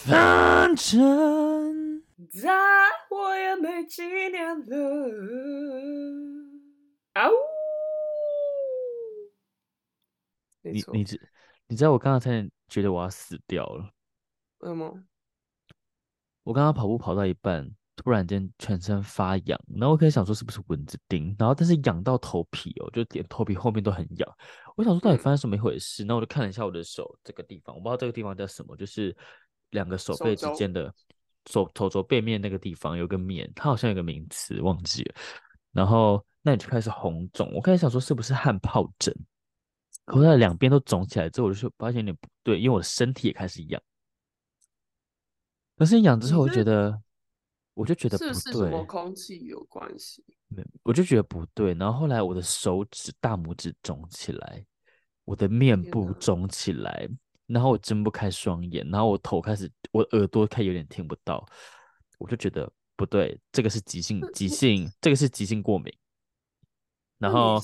反正再活也沒幾年了。啊嗚！錯你你知你知道我剛剛才覺得我要死掉了，為什麼？我剛剛跑步跑到一半，突然間全身發癢，然後我開始想說是不是蚊子叮，然後但是癢到頭皮哦、喔，就連頭皮後面都很癢，我想說到底發生什麼一回事，嗯、然後我就看了一下我的手這個地方，我不知道這個地方叫什麼，就是。兩個手背之間的手手肘，手肘背面那個地方有個面，它好像有個名詞忘記了。然後那你就開始紅腫，我開始想說是不是汗皰疹。後、嗯、它兩邊都腫起來之後，我就發現有點不對，因為我的身體也開始癢。可是癢之後，我就覺得、嗯、我就覺得不對。是不是什麼空氣有關係？我就覺得不對。然後後來我的手指、大拇指腫起來，我的面部腫起來。然後我睜不開雙眼，然後我頭開始，我耳朵開有點聽不到，我就覺得不對，這個是急性，急性， 這個是急性過敏。然後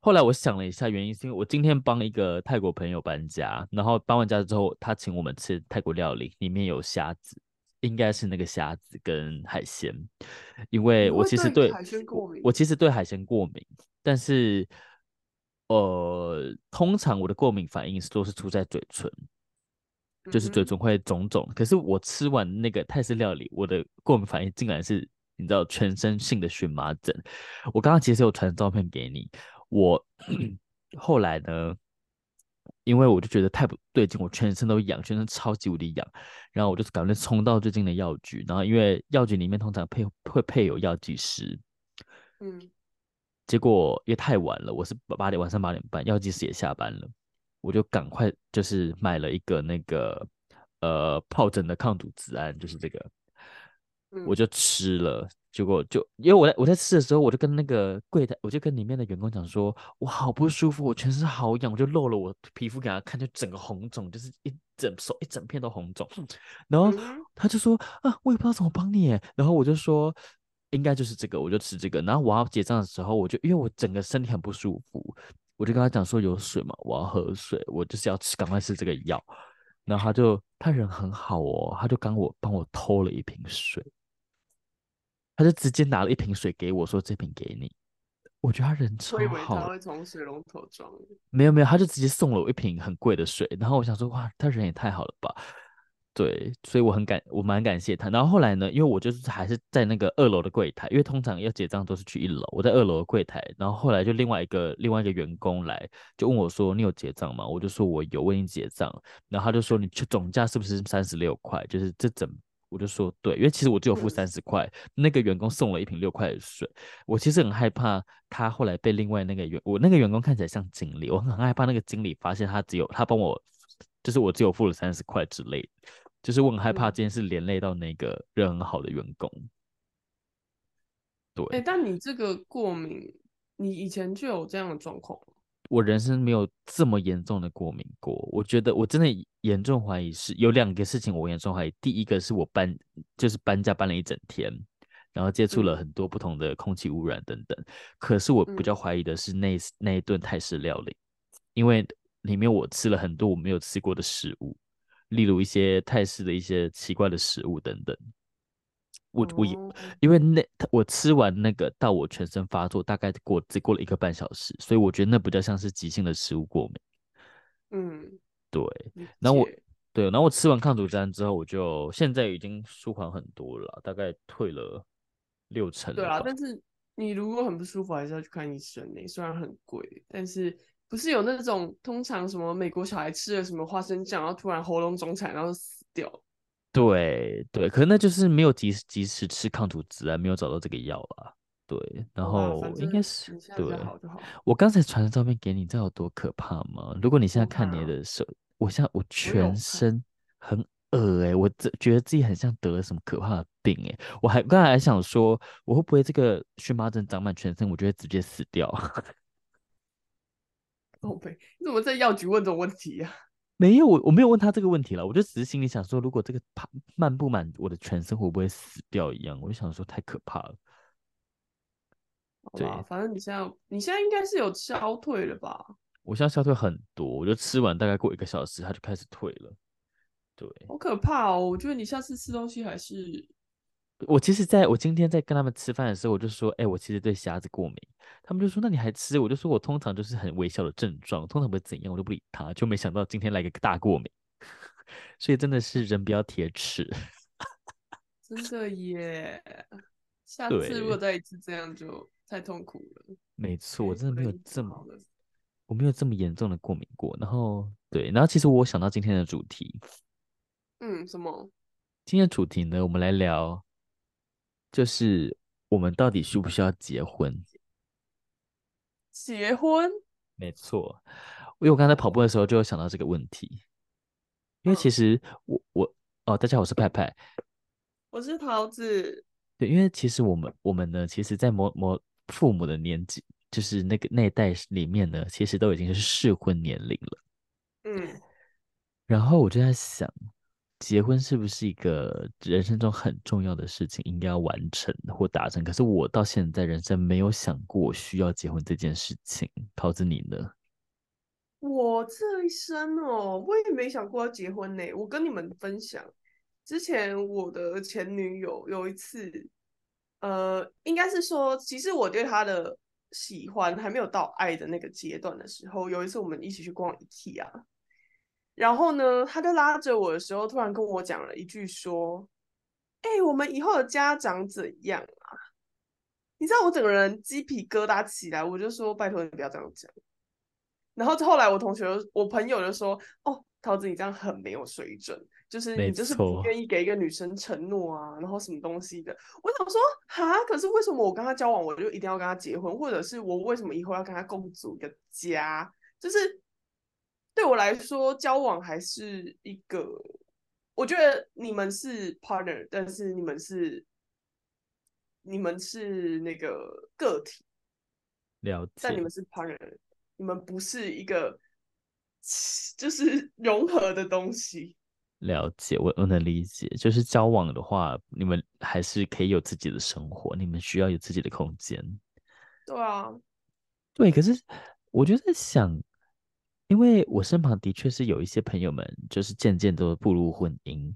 後來我想了一下，原因是因為我今天幫一個泰國朋友搬家，然後搬完家之後，他請我們吃泰國料理，裡面有蝦子，應該是那個蝦子跟海鮮，因為我其實對，對海鮮過敏，我其實對海鮮過敏，但是。呃，通常我的過敏反應是都是出在嘴唇，就是嘴唇會腫腫。可是我吃完那個泰式料理，我的過敏反應竟然是你知道全身性的蕁麻疹。我剛剛其實有傳照片給你，我咳咳後來呢，因為我就覺得太不對勁，我全身都癢，全身超級無敵癢，然後我就趕快衝到最近的藥局，然後因為藥局裡面通常配會配有藥劑師，嗯。結果也太晚了，我是八點晚上八點半，藥劑師也下班了，我就趕快就是買了一個那個呃泡疹的抗組織胺，就是這個，我就吃了。結果就因為我在我在吃的時候，我就跟那個櫃檯，我就跟裡面的員工講說，我好不舒服，我全身好癢，我就露了我皮膚給他看，就整個紅腫，就是一整手一整片都紅腫。然後他就說啊，我也不知道怎麼幫你。然後我就說。應該就是這個，我就吃這個。然後我要結賬的時候，我就因為我整個身體很不舒服，我就跟他講說，有水嘛，我要喝水，我就是要吃，趕快吃這個藥。然後他就他人很好哦，他就剛我幫我偷了一瓶水，他就直接拿了一瓶水給我，說這瓶給你。我覺得他人超好，以為他會從水龍頭裝，沒有沒有，他就直接送了我一瓶很貴的水。然後我想說哇，他人也太好了吧。對，所以我很感，我蠻感謝他。然後後來呢，因為我就是還是在那個二樓的櫃檯，因為通常要結賬都是去一樓。我在二樓的櫃檯，然後後來就另外一個另外一個員工來，就問我說：“你有結賬嗎？”我就說：“我有，問你結賬。”然後他就說：“你去總價是不是三十六塊？就是這整？”我就說：“對，因為其實我只有付三十塊，那個員工送了一瓶六塊的水。”我其實很害怕他後來被另外那個員，我那個員工看起來像經理，我很害怕那個經理發現他只有他幫我，就是我只有付了三十塊之類的。就是我很害怕這件事連累到那個人很好的員工。對，但你這個過敏，你以前就有這樣的狀況？我人生沒有這麼嚴重的過敏過。我覺得我真的嚴重懷疑是有兩個事情，我嚴重懷疑。第一個是我搬，就是搬家搬了一整天，然後接觸了很多不同的空氣污染等等。可是我比較懷疑的是那那一頓泰式料理，因為裡面我吃了很多我沒有吃過的食物。例如一些泰式的一些奇怪的食物等等，我我因為那我吃完那個到我全身發作大概過只過了一個半小時，所以我覺得那比較像是急性的食物過敏。嗯，對。解然後我對，然後我吃完抗組胺之後，我就現在已經舒緩很多了，大概退了六成了。對啊，但是你如果很不舒服，還是要去看醫生，欸。那雖然很貴，但是。不是有那種通常什麼美國小孩吃了什麼花生醬，然後突然喉嚨腫產，然後就死掉。對對，可能那就是沒有及時及時吃抗組織胺，沒有找到這個藥了。對，然後應該是就好就好對。我剛才傳的照片給你，你知道有多可怕嗎？如果你現在看你的手，嗯啊、我現在我全身很噁哎、欸，我,我覺得自己很像得了什麼可怕的病哎、欸。我還剛才還想說，我會不會這個蕁麻疹長滿全身，我就會直接死掉。 寶貝，你怎麼在藥局問這種問題啊？沒有，我我沒有問他這個問題啦，我就只是心裡想說，如果這個慢不滿我的全身，會不會死掉一樣？我就想說太可怕了。對，反正你現在你現在應該是有消退了吧？我現在消退很多，我就吃完大概過一個小時，它就開始退了。對，好可怕哦！我覺得你下次吃東西還是。我其實在我今天在跟他們吃飯的時候，我就說：“哎、欸，我其實對蝦子過敏。”他們就說：“那你還吃？”我就說：“我通常就是很微小的症狀，通常不會怎樣，我就不理他。”就沒想到今天來個大過敏， 所以真的是人不要鐵齒， 真的耶！下次如果再一次這樣，就太痛苦了。沒錯，欸、我真的沒有這麼我，我沒有這麼嚴重的過敏過。然後對，然後其實我想到今天的主題，嗯，什麼？今天的主題呢？我們來聊。就是我們到底需不需要結婚？結婚？沒錯。因為我剛才跑步的時候就有想到這個問題。因為其實我我哦，大家好，我是派派，我是桃子。對，因為其實我們我們呢，其實，在某某父母的年紀，就是那個那一代裡面呢，其實都已經是適婚年齡了。嗯。然後我就在想。結婚是不是一個人生中很重要的事情，應該要完成或達成？可是我到現在人生沒有想過需要結婚這件事情，桃子你呢？我這一生哦，我也沒想過要結婚呢、欸。我跟你們分享，之前我的前女友有一次，呃，應該是說，其實我對她的喜歡還沒有到愛的那個階段的時候，有一次我們一起去逛 IKEA。然後呢，他就拉着我的時候，突然跟我講了一句說：“哎、欸，我們以後的家長怎樣啊？”你知道我整個人雞皮疙瘩起來，我就說：“拜托你不要這樣講。”然後後來我同學、我朋友就說：“哦，桃子，你這樣很沒有水準，就是你就是不願意給一個女生承諾啊，沒錯。然後什麼東西的。”我想說：“哈，可是為什麼我跟她交往，我就一定要跟她結婚，或者是我為什麼以後要跟她共組一個家？”就是。對我來說，交往還是一個，我覺得你們是 partner，但是你們是，你們是那個個體。了解。但你們是 partner，你們不是一個，就是融合的東西。了解，我我能理解，就是交往的話，你們還是可以有自己的生活，你們需要有自己的空間。對啊。對，可是我覺得想。因為我身旁的確是有一些朋友們，就是漸漸都步入婚姻，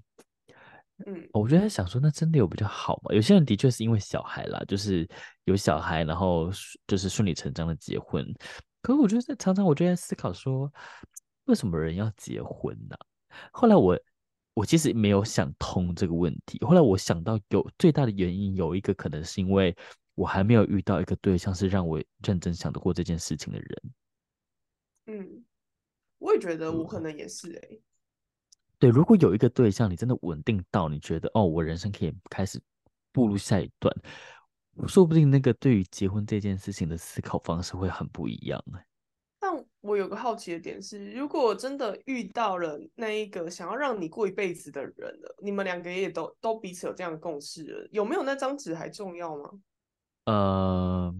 嗯，我覺得想說，那真的有比較好嗎？有些人的確是因為小孩啦，就是有小孩，然後就是順理成章的結婚。可是我覺得常常，我就在思考說，為什麼人要結婚呢？啊？後來我，我其實沒有想通這個問題。後來我想到有，有最大的原因有一個可能是因為我還沒有遇到一個對象，是讓我認真想得過這件事情的人，嗯。我也覺得我可能也是欸嗯，對，如果有一個對象，你真的穩定到你覺得哦，我人生可以開始步入下一段，說不定那個對於結婚這件事情的思考方式會很不一樣欸。但我有個好奇的點是，如果真的遇到了那一個想要讓你過一輩子的人了，你們兩個也都都彼此有這樣的共識了，有沒有那張紙還重要嗎？呃，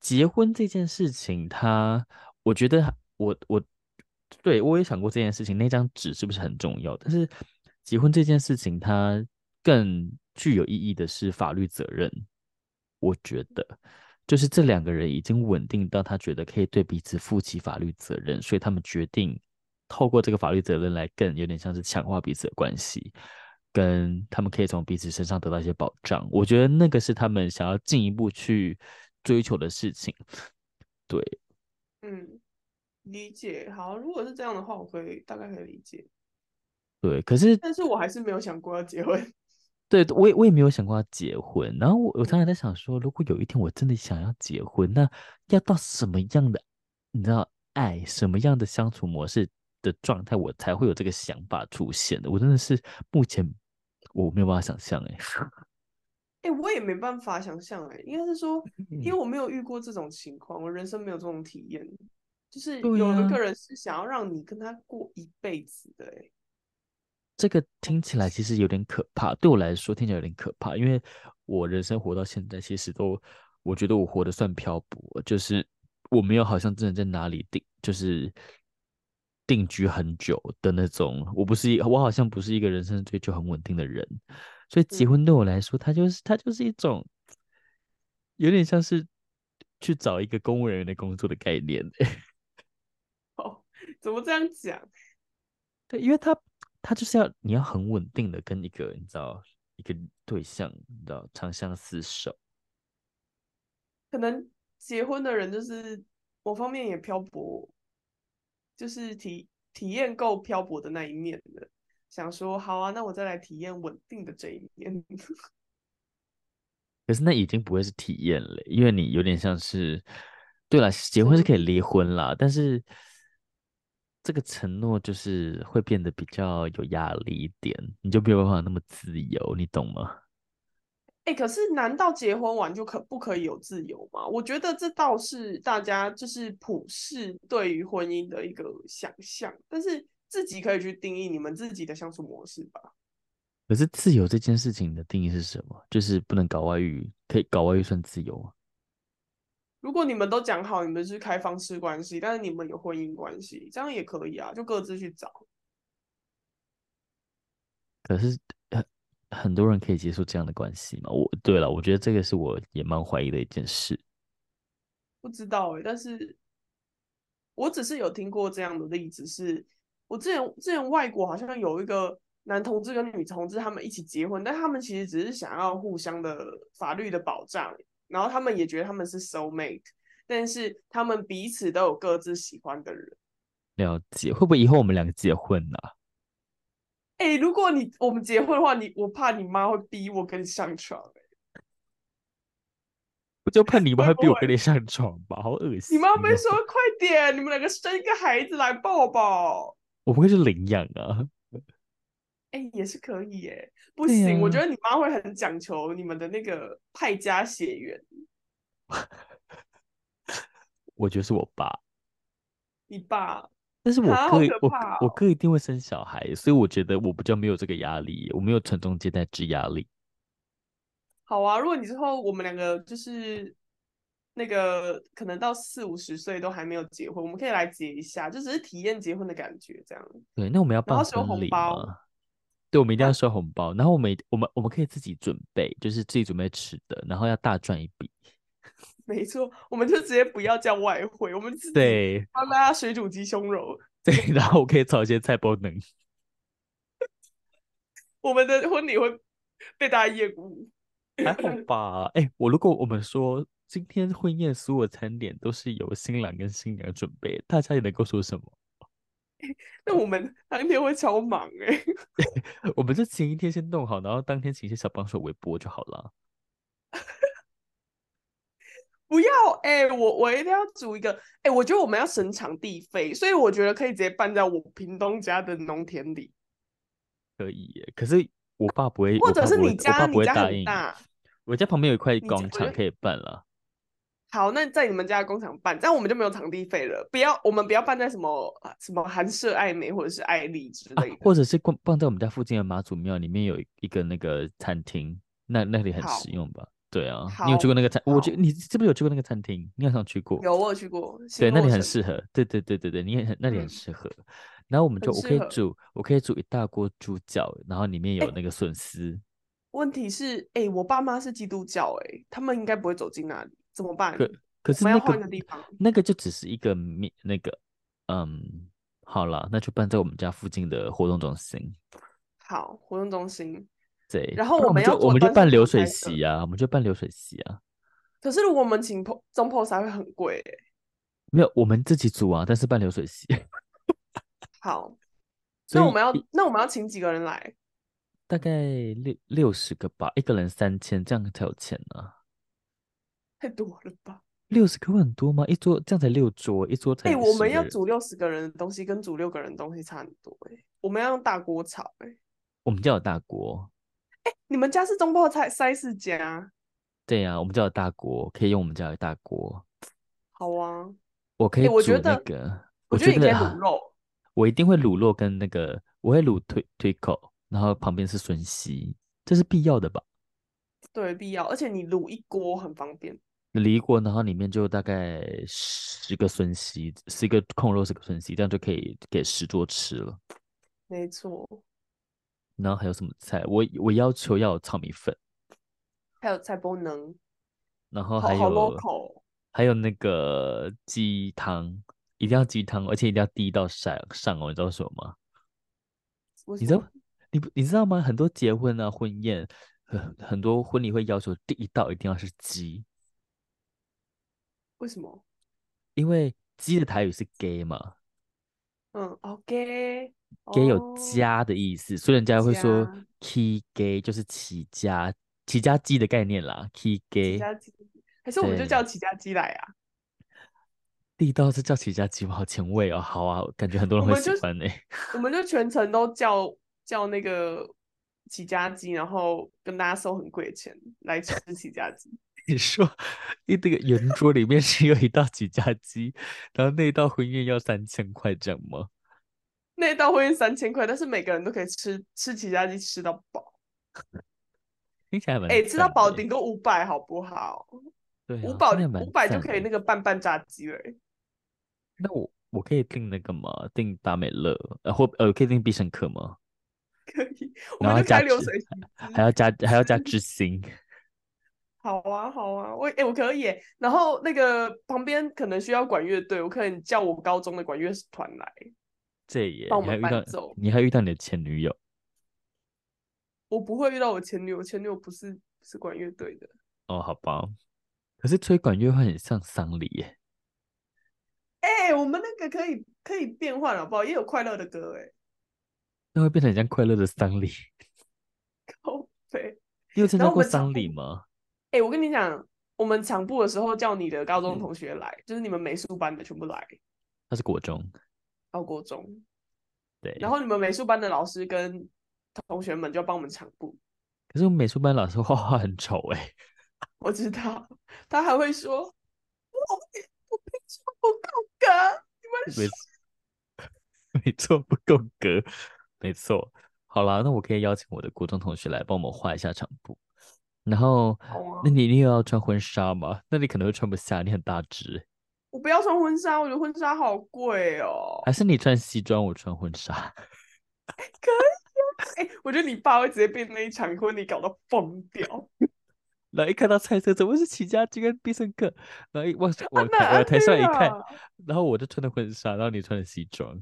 結婚這件事情它，我覺得我我。我對，我也想過這件事情，那張紙是不是很重要？但是結婚這件事情，它更具有意義的是法律責任。我覺得，就是這兩個人已經穩定到他覺得可以對彼此負起法律責任，所以他們決定透過這個法律責任來更有點像是強化彼此的關係，跟他們可以從彼此身上得到一些保障。我覺得那個是他們想要進一步去追求的事情。對，嗯。理解好，如果是這樣的話，我會大概可以理解。對，可是但是我還是沒有想過要結婚。對，我也我也沒有想過要結婚。然後我我常常在想說，如果有一天我真的想要結婚，那要到什麼樣的你知道愛什麼樣的相處模式的狀態，我才會有這個想法出現的。我真的是目前我沒有辦法想象哎，哎 、欸，我也沒辦法想象哎，應該是說，因為我沒有遇過這種情況，我人生沒有這種體驗。就是有一個人是想要讓你跟他過一輩子的，欸對啊，這個聽起來其實有點可怕。對我來說，聽起來有點可怕，因為我人生活到現在，其實都我覺得我活得算漂泊，就是我沒有好像真的在哪裡定，就是定居很久的那種。我不是我好像不是一個人生追求很穩定的人，所以結婚對我來說，它就是它就是一種有點像是去找一個公務人員的工作的概念，欸。怎麼這樣講？對，因為他他就是要你要很穩定的跟一個你知道一個對象，你知道長相厮守。可能結婚的人就是某方面也漂泊，就是體體驗夠漂泊的那一面的，想說好啊，那我再來體驗穩定的這一面。 可是那已經不會是體驗了，因為你有點像是，對啦，結婚是可以離婚啦，是但是。這個承諾就是會變得比較有壓力一點，你就沒有辦法那麼自由，你懂嗎？哎、欸，可是難道結婚完就可不可以有自由嗎？我覺得這倒是大家就是普世對於婚姻的一個想象，但是自己可以去定義你們自己的相處模式吧。可是自由這件事情的定義是什麼？就是不能搞外遇，可以搞外遇算自由啊？如果你們都講好，你們是開放式關係，但是你們有婚姻關係，這樣也可以啊，就各自去找。可是很很多人可以接受這樣的關係嗎？我，對了，我覺得這個是我也蠻懷疑的一件事。不知道。哎、欸，但是我只是有聽過這樣的例子是，是我之前之前外國好像有一個男同志跟女同志，他們一起結婚，但他們其實只是想要互相的法律的保障欸。然後他們也覺得他們是 soulmate，但是他們彼此都有各自喜歡的人。了解，會不會以後我們兩個結婚呢、啊？哎、欸，如果你我們結婚的話，你我怕你媽會逼我跟你上床哎。我就怕你媽會逼我跟你上床吧？好噁心！你媽沒說，快點，你們兩個生一個孩子來抱抱。我不會去領養啊？哎、欸，也是可以耶。不行，啊、我覺得你媽會很講求你們的那個派家血緣。 我覺得是我爸，你爸，但是我哥，啊、哦、我我哥一定會生小孩，所以我覺得我比較沒有這個壓力，我沒有傳宗接代之壓力。好啊，如果你之後我們兩個就是那個可能到四五十歲都還沒有結婚，我們可以來結一下，就只是體驗結婚的感覺這樣。對，那我們要辦，然後收紅包。對，我們一定要收紅包，然後我們我們我們可以自己準備，就是自己準備吃的，然後要大賺一筆。沒錯，我們就直接不要叫外燴，我們自己幫大家水煮雞胸肉。對，對，然後我可以炒一些菜包能。我們的婚禮會被大家厭惡，還好吧？哎，我如果我們說今天婚宴所有餐點都是由新郎跟新娘準備，大家也能夠說什麼？那我們當天會超忙哎、欸， 我們就前一天先弄好，然後當天請些小幫手微波就好了。 不要哎、欸，我我一定要組一個哎、欸，我覺得我們要省場地費，所以我覺得可以直接辦在我屏東家的農田裡。可以耶，可是我爸不會，不會或者是你家？我爸不會答應，你家很大。我家旁邊有一塊廣場可以辦了。好，那在你們家工廠辦，這樣我們就沒有場地費了。不要，我們不要辦在什麼什麼寒舍、艾美、或者是艾麗之類的，啊。或者是辦在我們家附近的媽祖廟裡面有一個那個餐廳，那那裡很實用吧？好對啊，好你有去過那個餐？好我去你是不是有去過那個餐廳？你好像去過。有我有去過。對，那裡很適合。對對對對對，你也很，那裡很適合。嗯、然後我們就我可以煮，我可以煮一大鍋豬腳，然後裡面有那個筍絲。欸、問題是，哎、欸，我爸媽是基督教、欸，哎，他們應該不會走進那裡。怎麼辦？可可是，換個地方，那個就只是一個面，那個嗯，好了，那就辦在我們家附近的活動中心。好，活動中心。對，然後我們要我們就辦流水席啊，我們就辦流水席啊。可是如果我們請破中破財會很貴耶。沒有，我們自己煮啊，但是辦流水席。好，所以我們要那我們要請幾個人來？大概六六十個吧，一個人三千，這樣才有錢呢。太多了吧？六十個會很多嗎？一桌這樣才六桌，一桌才。哎、欸，我們要煮六十個人的東西，跟煮六個人的東西差很多哎、欸。我們要用大鍋炒哎、欸欸啊。我們家有大鍋。哎，你們家是中泡菜塞間啊？對呀，我們家有大鍋，可以用我們家的大鍋。好啊，我可以煮、欸、我覺得那個。我覺得你可以滷肉、啊，我一定會滷肉跟那個，我會滷腿腿庫，然後旁邊是筍絲。這是必要的吧？對，必要，而且你滷一鍋很方便。滷一鍋，然後裡面就大概十個筍溪，個控十個控肉，十個筍溪，這樣就可以給十桌吃了。沒錯。然後還有什麼菜？我我要求要有炒米粉，還有菜包呢。然後還有，還有那個雞湯，一定要雞湯，而且一定要第一道上上哦。你知道什麼嗎想你知道？你不你知道嗎？很多結婚啊，婚宴。很多婚禮會要求，第一道一定要是雞，為什麼？因為雞的台語是 “gay” 嘛，嗯，OK，“gay” 有家的意思，所以人家會說“家起 gay” 就是起家，起家雞的概念啦，“起 gay”。起家雞對還是我們就叫起家雞來啊？第一道是叫起家雞嗎，好前衛哦，好啊，感覺很多人會喜歡呢。我們， 我們就全程都叫叫那個。起家雞，然後跟大家收很貴的錢來吃起家雞。 你說，你這個圓桌裡面只有一道起家雞， 然後那一道婚宴要三千塊，這樣嗎？那一道婚宴三千塊，但是每個人都可以吃吃起家雞吃到飽。 聽起來蠻？哎、欸，吃到飽頂多五百，好不好？對、啊，五百，五百就可以那個半半炸雞了。那我我可以訂那個嗎？訂達美樂，呃，或呃，呃可以訂必勝客嗎？可以，然後加流水，還要加， 還，要加還要加之星，好啊好啊，我哎、欸、我可以耶，然後那個旁邊可能需要管樂隊，我可以叫我高中的管樂團來，這也幫我們伴奏。你還，遇到你還遇到你的前女友？我不會遇到我前女友，前女友不是不是管樂隊的哦。好吧、哦，可是吹管樂會很像喪禮耶。哎、欸，我們那個可以可以變換好不好？也有快樂的歌哎。那會變成很像快樂的喪禮，對北。你有參加過喪禮嗎？哎、欸，我跟你講，我們搶布的時候叫你的高中同學來，嗯、就是你們美術班的全部來。他是國中，到國中。對。然後你們美術班的老師跟同學們就幫我們搶布。可是我美術班老師畫畫很醜哎、欸。 我知道。他還會說：“我我拼湊不夠格，你們說。沒”沒錯，不夠格。沒錯，好了，那我可以邀請我的國中同學來幫我們畫一下場布。然後，啊、那你，你又要穿婚紗嗎？那你可能會穿不下，你很大只。我不要穿婚紗，我覺得婚紗好貴哦。還是你穿西裝，我穿婚紗。 可以啊，哎，我覺得你爸會直接被那一場婚禮搞到瘋掉。 然後一看到菜色，怎麼是齊家軍跟必勝客？然後一往我我、啊、台上一看，啊、然後我就穿的婚、啊、婚紗，然後你穿的西裝。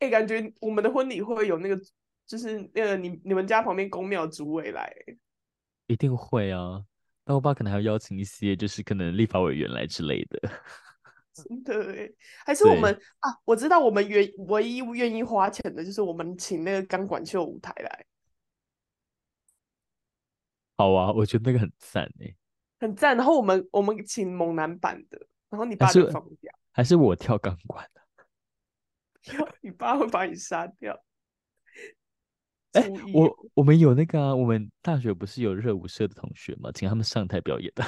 哎、欸，感覺我們的婚禮會有那個，就是那個，你你們家旁邊宮廟主委來，一定會啊。那我爸可能還要邀請一些，就是可能立法委員來之類的。真的誒，還是我們對啊？我知道我們願唯一願意花錢的，就是我們請那個鋼管秀舞台來。好啊，我覺得那個很讚誒，很讚。然後我們我們請猛男版的，然後你爸就瘋掉，還是我跳鋼管的，啊？ 爸會把你殺掉。哎、欸，意我我們有那個啊，我們大學不是有熱舞社的同學嗎？請他們上臺表演的。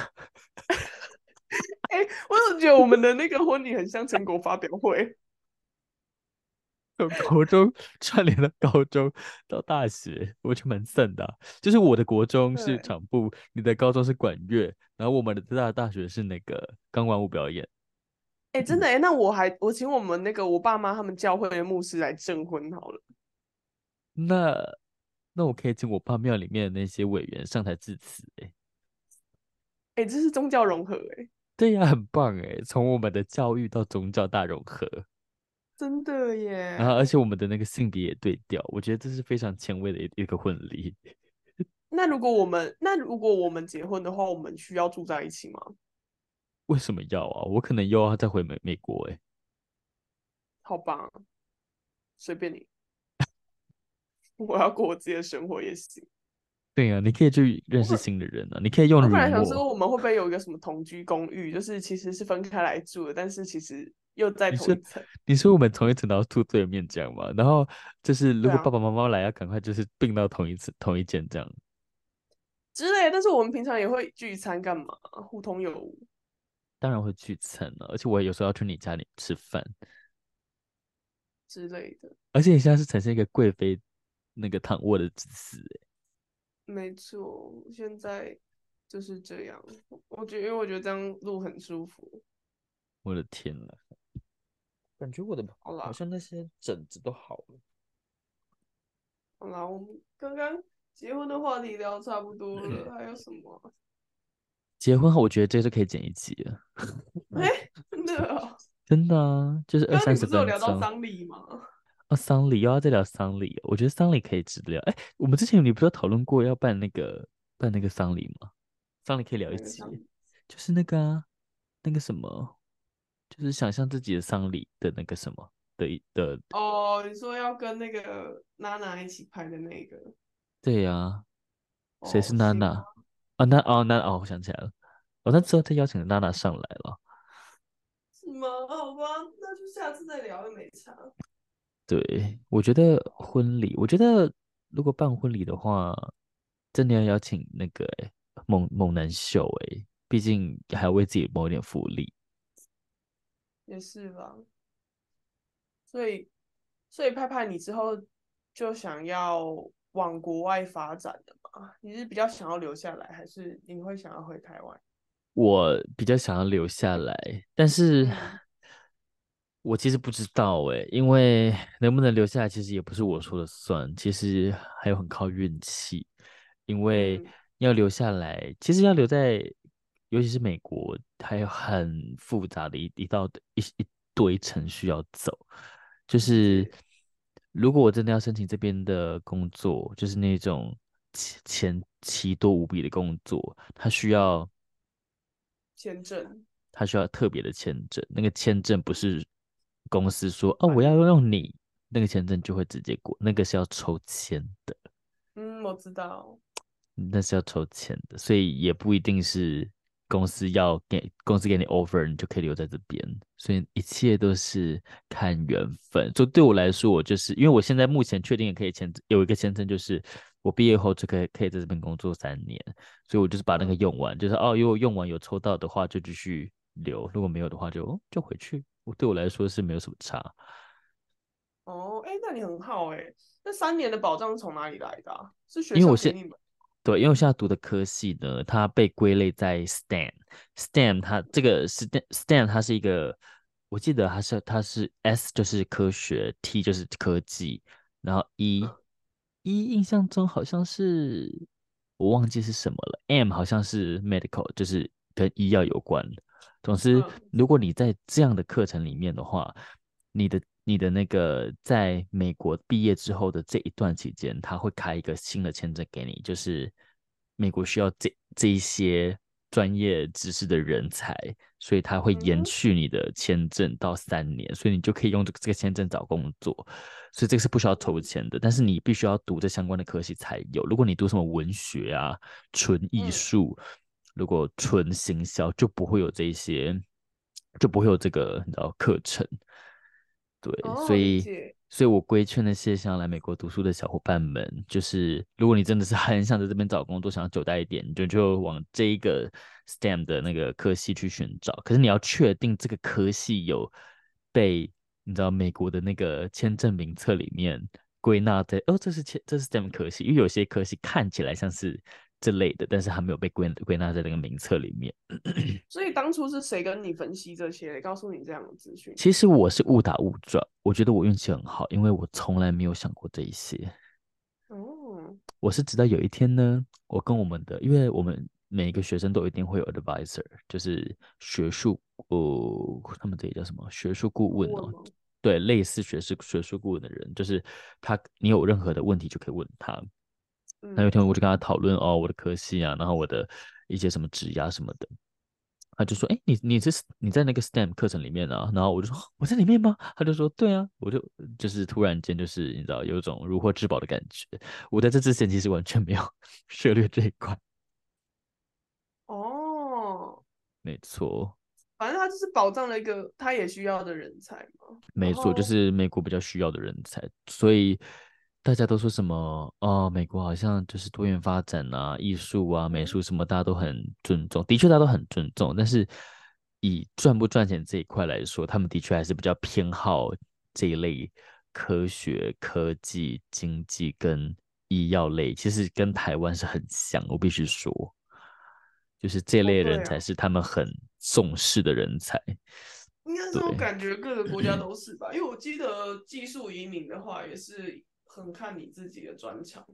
哎、 欸，我怎麼覺得我們的那個婚禮很像成果發表會？從 國中串聯了高中到大學，我就蠻順的、啊。就是我的國中是場部，對你的高中是管樂，然後我們的最大的大學是那個鋼管舞表演。哎，欸、真的哎、欸，那我還我請我們那個我爸媽他們教會的牧師來證婚好了。那那我可以請我爸廟裡面的那些委員上台致辭。哎、欸，哎、欸、這是宗教融合哎、欸。對呀、啊，很棒哎、欸，從我們的教育到宗教大融合，真的耶。然後而且我們的那個性別也對調，我覺得這是非常前衛的一個婚禮。 那如果我們那如果我們結婚的話，我們需要住在一起嗎？為什麼要啊？我可能又要再回美美國、欸、好棒，啊，隨便你， 我要過我自己的生活也行。對啊，你可以去認識新的人啊。我你可以用我。我本來想說我們會不會有一個什麼同居公寓，就是其實是分開來住的，但是其實又在同一層。你說我們同一層然後住對面這樣嘛？然後就是如果爸爸媽媽來要趕快就是併到同一層同一間這樣。對啊、之類，但是我們平常也會聚餐幹嘛，互通有無。當然會去蹭了，而且我有時候要去你家裡吃飯之類的。而且你現在是呈現一個貴妃那個躺臥的姿勢，沒錯，現在就是這樣。我覺得，因為我覺得這樣路很舒服。我的天吶，感覺我的好像那些疹子都好了好。好啦，我們剛剛結婚的話題聊差不多了，嗯、還有什麼、啊？結婚後，我覺得這是可以剪一集的。哎、 欸，真的啊！真的啊！就是二三十分鐘。剛剛你聊到喪禮嗎？啊，喪禮又要再聊喪禮，我覺得喪禮可以值得聊。哎、欸，我們之前你不是要討論過要辦那個辦那個喪禮嗎？喪禮可以聊一集，就是那個、啊、那個什麼，就是想象自己的喪禮的那個什麼的的。哦，oh, 你說要跟那個娜娜一起拍的那個？對呀、啊，oh, 誰是娜娜？啊，那哦那哦，我想起來了，我那時候他邀請娜娜上來了。什麼？好吧，那就下次再聊，也沒差。對，我覺得婚禮，我覺得如果辦婚禮的話，真的要邀請那個、欸、猛猛男秀誒、欸，畢竟還要為自己謀一點福利。也是吧。所以，所以派派你之後就想要往國外發展了。啊，你是比較想要留下來，還是你會想要回台灣？我比較想要留下來，但是我其實不知道誒、欸，因為能不能留下來其實也不是我說了算，其實還有很靠運氣。因為要留下來，其實要留在，尤其是美國，還有很複雜的一一道的一一堆程序要走。就是如果我真的要申請這邊的工作，就是那種。前期多無比的工作，他需要簽證，他需要特別的簽證。那個簽證不是公司說壞哦，我要用你，那個簽證就會直接過。那個是要抽籤的。嗯，我知道，那是要抽籤的，所以也不一定是公司要給公司給你 offer，你就可以留在這邊。所以一切都是看緣分。就對我來說，我就是因為我現在目前確定也可以簽有一個簽證，就是。我畢業後就可以可以在這邊工作三年，所以我就是把那個用完，就是哦，如果用完有抽到的話就繼續留，如果沒有的話就、哦、就回去。我對我來說是沒有什麼差。哦，哎，那你很好哎，那三年的保障是從哪裡來的、啊？是學校給你們？對，因為我現在讀的科系呢，它被歸類在 STEM，STEM 它這個 STEM，STEM 它是一個，我記得它是它是 S 就是科學，T 就是科技，然後 E、嗯。一、e、印象中好像是我忘記是什麼了，M 好像是 medical，就是跟醫藥有關的。總之，如果你在這樣的課程裡面的話，你的你的那個在美國畢業之後的這一段期間，他會開一個新的簽證給你，就是美國需要這這一些。專業知識的人才，所以他會延續你的簽證到三年，嗯、所以你就可以用這個這個簽證找工作，所以這個是不需要投錢的，但是你必須要讀這相關的科系才有。如果你讀什麼文學啊、純藝術，嗯、如果純行銷就不會有這些，就不會有這個，你知道，課程，對，哦、所以。所以，我規勸那些想要來美國讀書的小夥伴們，就是如果你真的是很想在這邊找工作，想要久待一點，你就就往這一個 STEM 的那個科系去尋找。可是，你要確定這個科系有被你知道美國的那個簽證名冊裡面歸納在哦，這是簽，這是 STEM 科系，因為有些科系看起來像是。這類的，但是還沒有被歸納歸納在那個名冊裡面。 所以當初是誰跟你分析這些，告訴你這樣的資訊？其實我是誤打誤撞，我覺得我運氣很好，因為我從來沒有想過這一些。哦、嗯，我是直到有一天呢，我跟我們的，因為我們每一個學生都一定會有 advisor，就是學術哦，他們這裡叫什麼？學術顧問哦，問對，類似學術學術顧問的人，就是他，你有任何的問題就可以問他。那有一天我就跟他討論哦，我的科系啊，然後我的一些什麼職涯什麼的，他就說：“哎，你你是你在那個 STEM 課程裡面啊？”然後我就說：“我在裡面嗎？”他就說：“對啊。”我就就是突然間就是你知道有一種如獲至寶的感覺。我在這之前其實完全沒有涉獵這一塊。哦，沒錯，反正他就是保障了一個他也需要的人才嘛。哦。沒錯，就是美國比較需要的人才，所以。大家都說什麼哦，美國好像就是多元發展啊，藝術啊、美術什麼，大家都很尊重。的確，大家都很尊重。但是以賺不賺錢這一塊來說，他們的確還是比較偏好這一類科學、科技、經濟跟醫藥類。其實跟台灣是很像，我必須說，就是這類人才是他們很重視的人才。哦啊、對應該說感覺各個國家都是吧， 因為我記得技術移民的話也是。很看你自己的專長，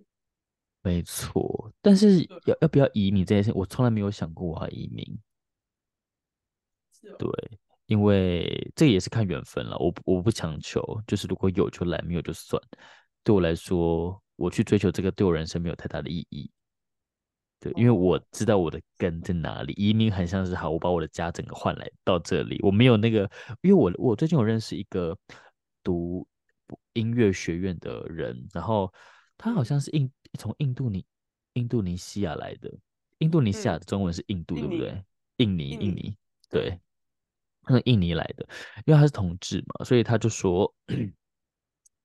沒錯。但是要要不要移民這件事，對我從來沒有想過我要移民。哦、對，因為這個也是看緣分了。我我不強求，就是如果有就來，沒有就算。對我來說，我去追求這個對我人生沒有太大的意義。對，哦、因為我知道我的根在哪裡。移民很像是好，我把我的家整個換來到這裡。我沒有那個，因為我我最近有認識一個讀。音樂學院的人，然後他好像是印從印度尼印度尼西亞來的，印度尼西亞的中文是印度，嗯、對不對？印尼，印尼，嗯、對，那印尼來的，因為他是同志嘛，所以他就說，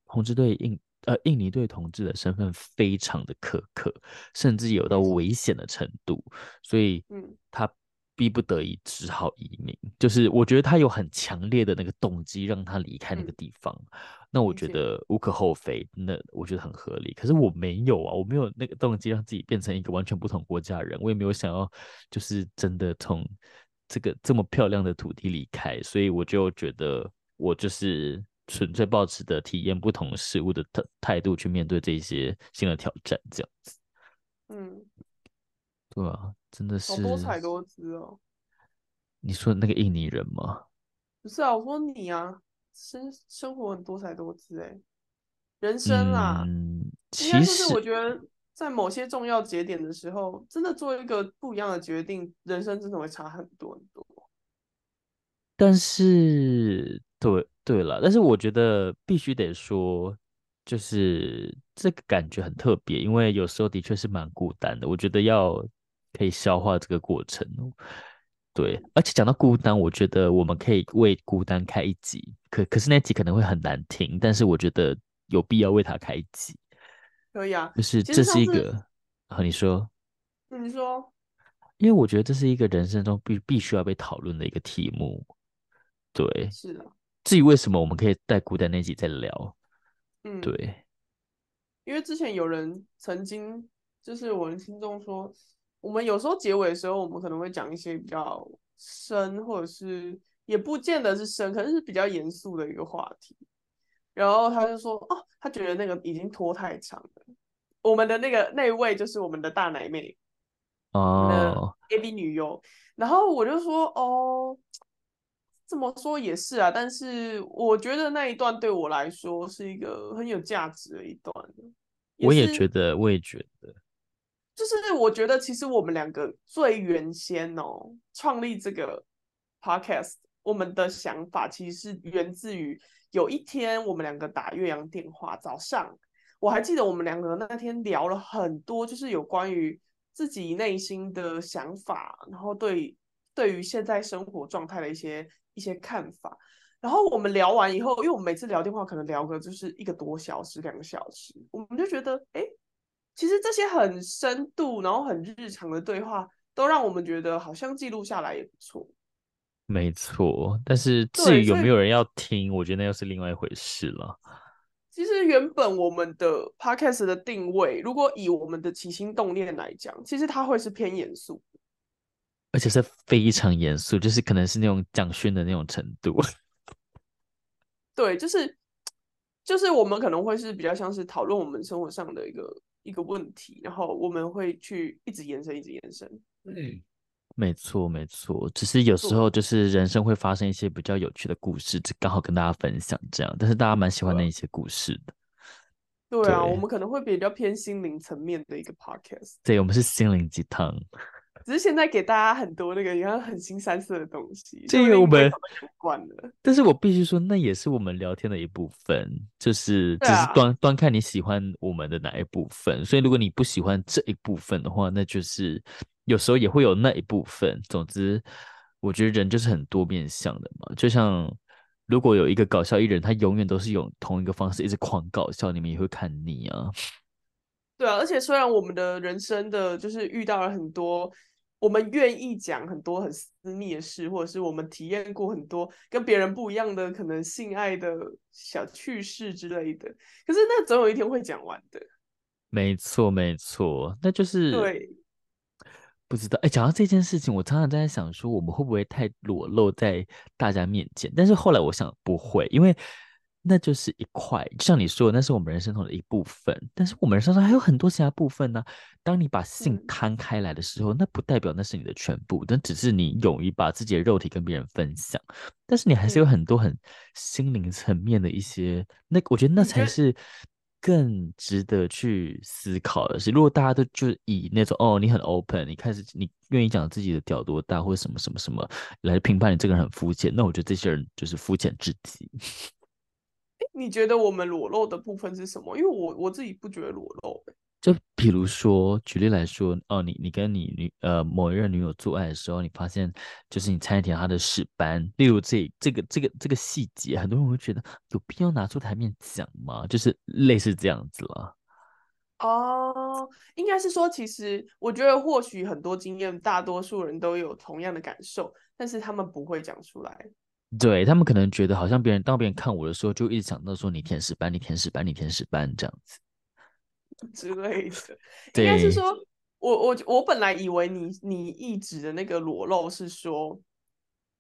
同志對印呃印尼對同志的身份非常的苛刻，甚至有到危險的程度，所以他。逼不得已只好移民，就是我覺得他有很強烈的那個動機讓他離開那個地方，嗯、那我覺得無可厚非，那我覺得很合理。可是我沒有啊，我沒有那個動機讓自己變成一個完全不同國家的人，我也沒有想要就是真的從這個這麼漂亮的土地離開，所以我就覺得我就是純粹抱持的體驗不同事物的態度去面對這些新的挑戰這樣子。嗯，對啊。真的是好多彩多姿哦！你說那個印尼人嗎？不是啊，我說你啊，生生活很多彩多姿哎、欸，人生啊、嗯，其實我覺得在某些重要節點的時候，真的做一個不一樣的決定，人生真的會差很多很多。但是，對對了，但是我覺得必須得說，就是這個感覺很特別，因為有時候的確是蠻孤單的。我覺得要。可以消化這個過程，對。而且講到孤單，我覺得我們可以為孤單開一集，可可是那集可能會很難聽，但是我覺得有必要為他開一集。可以啊，就是這是一個和你說，你說，你說因為我覺得這是一個人生中必必須要被討論的一個題目，對，是的、啊。至於為什麼我們可以帶孤單那集再聊，嗯，對，因為之前有人曾經就是我們聽眾說。我們有時候結尾的時候，我們可能會講一些比較深，或者是也不見得是深，可能是比較嚴肅的一個話題。然後他就說：“哦，他覺得那個已經拖太長了。”我們的那個那位就是我們的大奶妹哦、oh.，AB 女優。然後我就說：“哦，怎麼說也是啊，但是我覺得那一段對我來說是一個很有價值的一段。”我也覺得，我也覺得。就是我覺得，其實我們兩個最原先哦，創立這個 podcast，我們的想法其實是源自於有一天我們兩個打越洋電話，早上我還記得我們兩個那天聊了很多，就是有關於自己內心的想法，然後對對於現在生活狀態的一些一些看法。然後我們聊完以後，因為我們每次聊電話可能聊個就是一個多小時、兩個小時，我們就覺得哎。誒其實這些很深度，然後很日常的對話，都讓我們覺得好像記錄下來也不錯。沒錯，但是至於有沒有人要聽，我覺得那又是另外一回事了。其實原本我們的 podcast 的定位，如果以我們的起心動念來講，其實它會是偏嚴肅，而且是非常嚴肅，就是可能是那種講訓的那種程度。 對，就是就是我們可能會是比較像是討論我們生活上的一個。一個問題，然後我們會去一直延伸，一直延伸。嗯，沒錯，沒錯。只是有時候就是人生會發生一些比較有趣的故事，嗯、剛好跟大家分享這樣。但是大家蠻喜歡那一些故事的。對啊，對我們可能會比較偏心靈層面的一個 podcast。對，我們是心靈雞湯。只是現在給大家很多那個也很新三色的東西，這個我們習慣了。但是我必須說，那也是我們聊天的一部分，就是只是端、啊、端看你喜歡我們的哪一部分。所以如果你不喜歡這一部分的話，那就是有時候也會有那一部分。總之，我覺得人就是很多面向的嘛。就像如果有一個搞笑藝人，他永遠都是用同一個方式一直狂搞笑，你們也會看膩啊。對啊，而且雖然我們的人生的就是遇到了很多。我們願意講很多很私密的事，或者是我們體驗過很多跟別人不一樣的可能性愛的小趣事之類的。可是那總有一天會講完的。沒錯，沒錯，那就是，對。不知道。哎，講到這件事情，我常常在想說，我們會不會太裸露在大家面前？但是後來我想不會，因為。那就是一塊，就像你說的，那是我們人生中的一部分。但是我們人生中還有很多其他部分呢、啊。當你把性攤開來的時候，嗯、那不代表那是你的全部，但只是你勇於把自己的肉體跟別人分享。但是你還是有很多很心靈層面的一些，是那我覺得那才是更值得去思考的事。如果大家都就以那種哦，你很 open，你開始你願意講自己的屌多大，或者什麼什麼什麼來評判你這個人很膚淺，那我覺得這些人就是膚淺至極。你覺得我們裸露的部分是什麼？因為我我自己不覺得裸露、欸。就比如說，舉例來說，哦，你你跟你女呃某一任女友做愛的時候，你發現就是你沾一點她的屎斑，例如這這個這個這個細節，很多人會覺得有必要拿出台面講嗎？就是類似這樣子了。哦，應該是說，其實我覺得或許很多經驗，大多數人都有同樣的感受，但是他們不會講出來。對，他們可能覺得好像別人當別人看我的時候，就一直想到說你天使班，你天使班，你天使班這樣子之類的。 對應該是說我我我本來以為你你一直的那個裸露是說，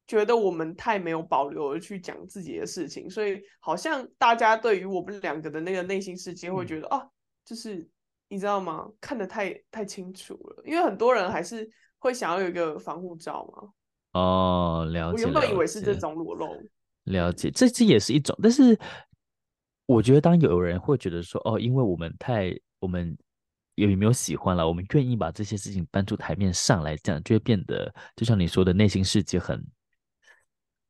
覺得我們太沒有保留而去講自己的事情，所以好像大家對於我們兩個的那個內心世界會覺得、嗯、啊，就是你知道嗎？看得太太清楚了，因為很多人還是會想要有一個防護罩嘛。哦，oh, 了解。我原本以為是這種裸露。了解，這這也是一種，但是我覺得，當有人會覺得說，哦，因為我們太我們有沒有喜歡了，我們願意把這些事情搬出台面上來講，就會變得就像你說的，內心世界很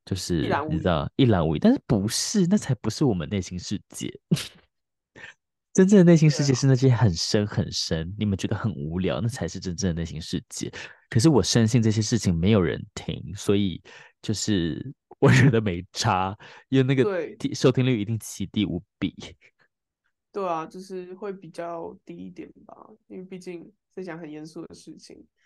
就是你知道一覽無遺，但是不是，那才不是我們內心世界。 真正的內心世界是那些很深很深，Yeah. 你們覺得很無聊，那才是真正的內心世界。可是我深信，這些事情沒有人聽，所以就是我覺得沒差，因為那個聽對收聽率一定奇低無比。對啊，就是會比較低一點吧，因為畢竟在講很嚴肅的事情。